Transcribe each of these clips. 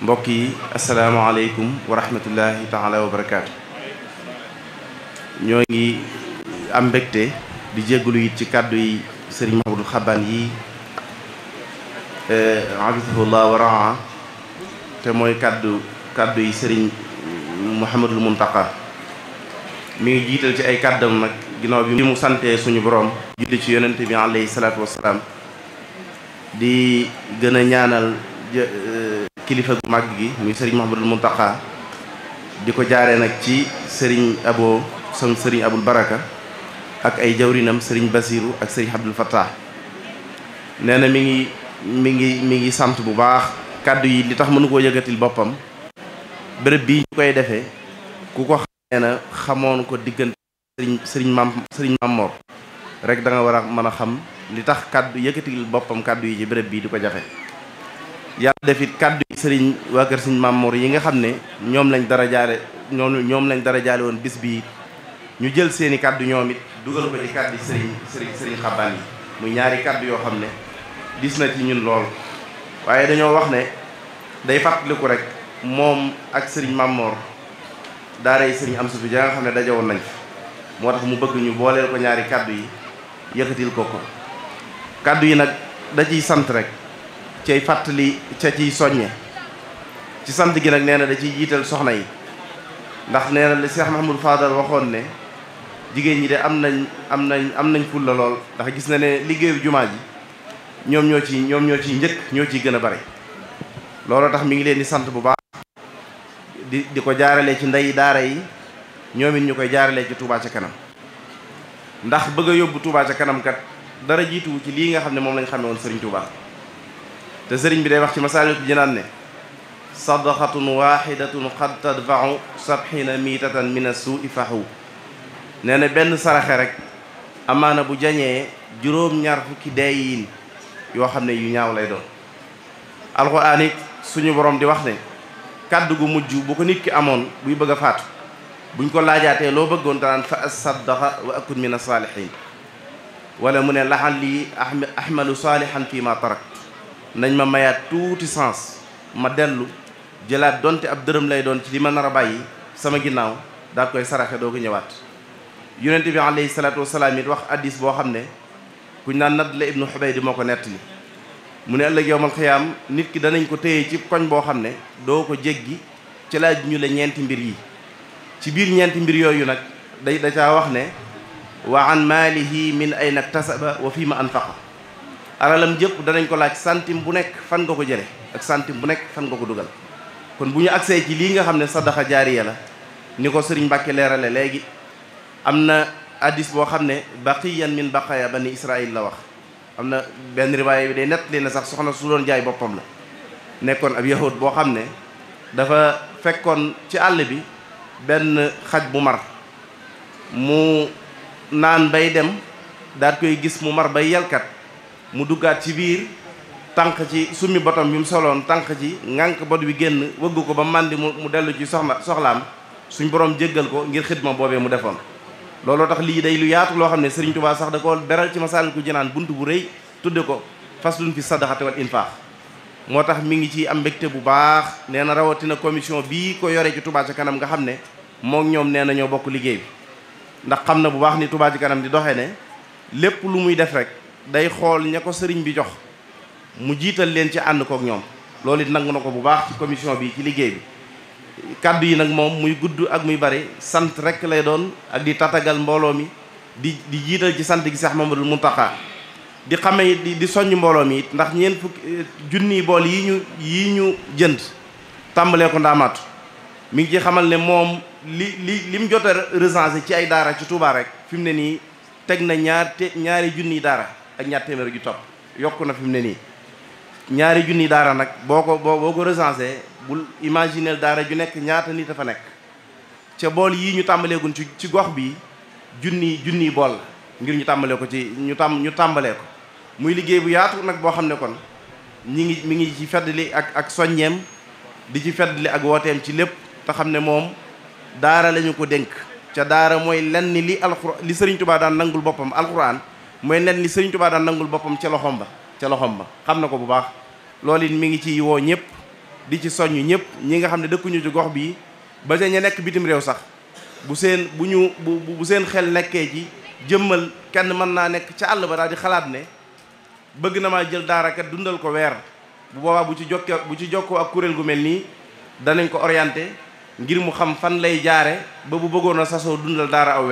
mbokk yi asalaamaaleykum wa rahmatullahi taala wa barakaatu ñoo ngi am mbégte di jégalu it ci kàddu yi sëriñ Mahamadou Xaban yi eh, abisahullah wa yi sëriñ Mouhamadul Muntaqa mi ngi jiital ci ay kàddam nag ginnaaw bi mu santee suñu borom julli ci yonente bi alayhi salaatu wasalaam di gën ñaanal eh, kilifa gu mag muy di ko jaaree nag ci sëriñ abo sam sëriñ abul baraka ak ay jawrinam sëriñ basiru ak sëriñ abdul fattah nee na mi ngi mi ngi mi ngi sant bu baax kàddu yi li tax mënu koo yëkkatil boppam bërëb bii ñu koy ku ko xamee xamoon ko diggante sëriñ mam mamor rek da nga war a mën a xam li tax kàddu yëkkatil yi ci di ko yàlla defit kàddu sëriñ waa kër sëriñ Mamour yi nga xam ne ñoom lañ dara jaale ñoom ñoom lañ dara jaale woon bis bii ñu jël seeni kàddu ñoom it dugal ko ci kàddu sëriñ sëriñ sëriñ xabaan yi muy ñaari kàddu yoo xam ne dis na ci ñun lool waaye dañoo wax ne day fàttaliku rek mom ak sëriñ Mamour daaray sëriñ am sufi ja nga xam ne dajawoon nañ moo mu bëgg ñu booleel ko ñaari kàddu yi yëkkatil ko ko kàddu yi nag da ciy sant rek cay fàttali ca ciy soññe ci sant gi nag nee na da ciy jiital soxna yi ndax nee na li Cheikh Mahmoud Fadal waxoon ne jigéen ñi de am nañ am nañ am nañ fulla lool ndax gis na ne liggéeyu jumaa ji ñoom ñoo ci ñoom ñoo ciy njëkk ñoo ciy gën a bari looloo tax mi ngi leen di sant bu baax di di ko jaaralee ci ndey daara yi ñoom it ñu koy jaaralee ci Touba ca kanam ndax bëgg a yóbbu Touba ca kanam kat dara jiituwu ci lii nga xam ne moom lañ xamee woon Serigne Touba te sëriñ bi day wax ci masaalikul jinaan ne sadaqatun waxidatun qad tadfau sabxina miitatan min assuui fahu nee na benn saraxe rek amaana bu jañee juróom-ñaar fukki dee yiin yoo xam ne yu ñaaw lay doon alxuraan it suñu borom di wax ne kàddu gu mujj bu ko nit ki amoon buy bëgg a faatu buñ ko laajaatee loo bëggoon danaan fa asaddaqa wa akun min asalihin wala mu ne laxal lii ahmalu salihan fi ma tarak nañ ma mayaat tuuti sens ma dellu jëlaat donte ab dërëm lay doon ci di ma nar a bàyyi sama ginnaaw daa koy saraxe doo ko ñëwaat yonent bi alayhi salaatu wasalaam it wax addis boo xam ne kuñ naan nadd la ibnu xubaydi moo ko nettali mu ne ëllëg yowmal xiyaam nit ki danañ ko téye ci koñ boo xam ne doo ko jéggi ci laaj ñu la ñeenti mbir yi ci biir ñeenti mbir yooyu nag day da caa wax ne wa an maalihi min ayna ktasaba wa fi ma anfaqa alalam jëpp danañ ko laaj centime bu nekk fan nga ko jële ak centime bu nekk fan nga ko dugal kon bu ñu agsee ci lii nga xam ne sadaxa jaariya la ni ko sëriñ Mbàkke leerale léegi am na addis boo xam ne baqiyan min baqaya bani israil la wax am na benn riwaaya bi day nettali na sax soxna su doon jaay boppam la nekkoon ab yahud boo xam ne dafa fekkoon ci àll bi benn xaj bu mar mu naan bay dem daat koy gis mu mar bay yalkat mu duggaat ci biir tànq ci summi botom bi mu soloon tànq ci ngànk bot bi génn wëgg ko ba màndi mu mu dellu ci soxna soxlaam suñ borom jéggal ko ngir xidma boobee mu defoon looloo tax lii day lu yaatu loo xam ne Sëriñ Tuubaa sax da ko beral ci Masaalikul Jinaan bunt bu rëy tudde ko faslun fi sadaxati wal infaax moo tax mi ngi ci am mbégte bu baax nee na rawatina commission bii ko yoree ci tubaa ca kanam nga xam ne moom ñoom nee nañoo bokk liggéey bi ndax xam na bu baax ni Touba ci kanam di doxee ne lépp lu muy def rek day xool ña ko sëriñ bi jox mu jiital leen ci ànd kook ñoom loolu it nangu na ko bu baax ci commission bi ci liggéey bi kàddu yi nag moom muy gudd ak muy bari sant rek lay doon ak di tatagal mbooloo mi di di jiital ci sant gi Seex Mamadul Muntaxa di xame it di soññ mbooloo mi it ndax ñeen fukki eh, junni bool yi ñu yi ñu jënd tàmbalee ko ndaamaatu mi ji xamal ne moom li li li mu jot a ci ay daara ci Touba rek fi mu ne nii teg na ñaar te ñaari junni daara ak ñaar téeméer ju topp yokk na fi mu ne nii ñaari junni daara nag boo ko boo ko recensé bul imaginer daara ju nekk ñaata nit a fa nekk ca bool yii ñu tàmbaleegun ci ci gox bi junni junni bool ngir ñu tàmbalee ko ci ñu tàmm ñu tàmbalee ko muy liggéey bu yaatu nag boo xam ne kon ñi ngi mi ngi ci feddali ak ak soññeem di ci feddali ak wooteem ci lépp te xam ne moom daara lañu ko dénk ca daara mooy lenn li alxuraan li Sëriñ Tuubaa daan nangul boppam alxuraan mooy nen li sëriñ Tuubaa daan nangul boppam ca loxoom ba ca loxoom ba xam na ko bu baax loolu it mi ngi ci woo ñëpp di ci soññ ñëpp ñi nga xam ne dëkkuñu ci gox bii ba ca ña nekk bitim réew sax bu seen bu ñu bu bu seen xel nekkee ci jëmmal kenn mën naa nekk ca àll ba daal di xalaat ne bëgg na maa jël daara kat dundal ko weer bu boobaa bu ci jokkee bu ci jokkoo ak kuréel gu mel nii danañ ko orienté ngir mu xam fan lay jaare ba bu bëggoon a sasoo dundal daara aw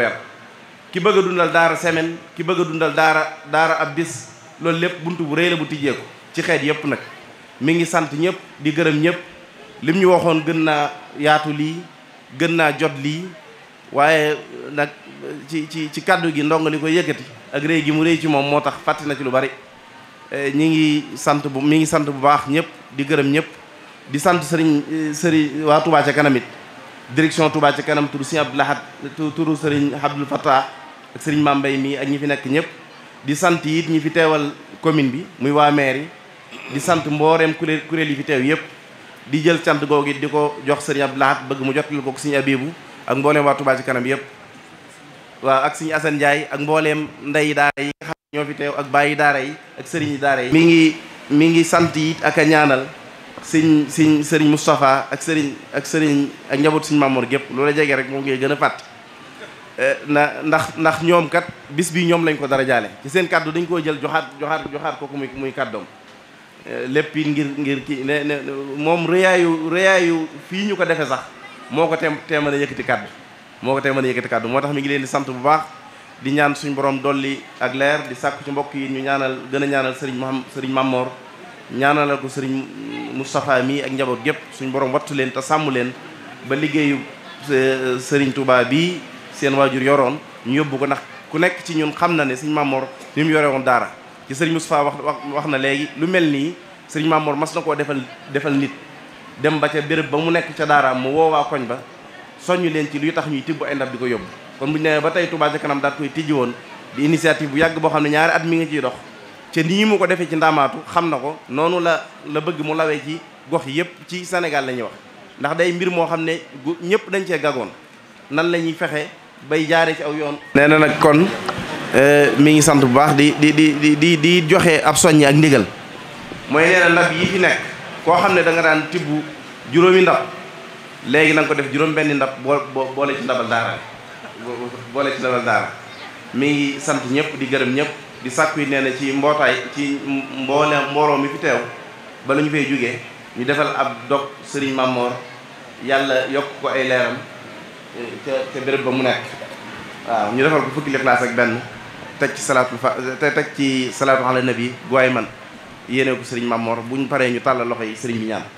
ki bëgg dundal daara semaine ki bëgg dundal daara daara ab bis loolu lépp bunt bu rëy la bu tijjeeku ci xeet yëpp nag mi ngi sant ñëpp di gërëm ñëpp lim ñu waxoon gën naa yaatu lii gën naa jot lii waaye nag ci ci ci kàddu gi ndongo li ko yëkkati ak réy gi mu réy ci moom moo tax fàtte na ci lu bari eh, ñi ngi sant bu mi ngi sant bu baax ñëpp di gërëm ñëpp di sant sëriñ eh, sëriñ waa Touba ca kanam it direction Touba kanam turu sëriñ Abdou Lahad turu sëriñ Abdoul ak sëriñ Mambay mii ak ñi fi nekk ñëpp di sant yit ñi fi teewal commune bi muy waa maire di sant mbooreem kuréel kuréel yi fi teew yëpp di jël cant googu it di ko jox sëriñ Abdou Lahad bëgg mu jotal ko sëriñ Abibu ak mbooleem waa Touba ci kanam yëpp waaw ak sëriñ Assane Ndiaye ak mbooleem ndey daara yi ñoo fi teew ak bàyyi daara yi ak sëriñ yi daara yi mi ngi mi ngi sant it ak a ñaanal sëriñ sëriñ sëriñ Moustapha ak sëriñ ak sëriñ ak njaboot sëriñ Mamour gépp loola jege rek moom ngay a fàtt Eh, na ndax ndax ñoom kat bis bii ñoom lañ ko dara jaale ci seen kàddu dañ koo jël joxaat joxaat joxaat kooku muy muy kàddoom eh, lépp it ngir ngir kii ne ne moom rëyaayu rëyaayu fii ñu ko defe sax moo ko teem teemal a yëkkati kàddu moo ko teemal a yëkkati moo tax mi ngi leen di sant bu baax di ñaan suñu borom dolli ak leer di sàkku ci mbokk yi ñu ñaanal gën a ñaanal sëriñ Maham sëriñ Mamor ñaanalal ko sëriñ Moustapha mii ak njaboot gépp suñu borom wattu leen te sàmm leen ba liggéeyu eh, sëriñ Touba bii seen waajur yoroon ñu yóbbu ko ndax ku nekk ci ñun xam na ne sëñ Mamor ni mu yore woon daara ci sëriñ Moustapha wax wax na léegi lu mel nii sëriñ Mamor mas na koo defal defal nit dem ba ca béréb ba mu nekk ca daaraam mu woowaa koñ ba soññu leen ci luy tax ñuy tibb ay ndab di ko yóbbu kon bu ñu nee ba tey Touba ca kanam daat koy tijji woon di initiative bu yàgg boo xam ne ñaari at mi ngi ciy dox ca nii mu ko defee ci ndaamaatu xam na ko noonu la la bëgg mu lawee ci gox yépp ci Sénégal la ñuy ndax day mbir moo xam ne ñëpp dañ cee nan la ñuy fexe bay jaare ci aw yoon. nee na nag kon eh, mi ngi sant bu baax di di di di di joxe ab soññi ak ndigal mooy nee na ndab yi fi nekk koo xam ne danga nga daan tibb juróomi ndab léegi na ko def juróom-benni ndab boo boole ci ndabal daara boole ci ndabal daara mi ngi sant ñëpp di gërëm ñëpp di sàkku yi nee na ci mbootaay ci mboole mbooloo mi fi teew ba la fay jógee ñu defal ab dog sëriñ Mamor yàlla yokk ko ay leeram. ca ca béréb ba mu nekk waaw ñu defal ko fukki lixlaas ak benn teg ci salaatu fa te teg ci salaatu ala nabi waaye man yéene ko sëriñ Mamor bu ñu paree ñu tàllal loxo yi sëriñ bi ñaan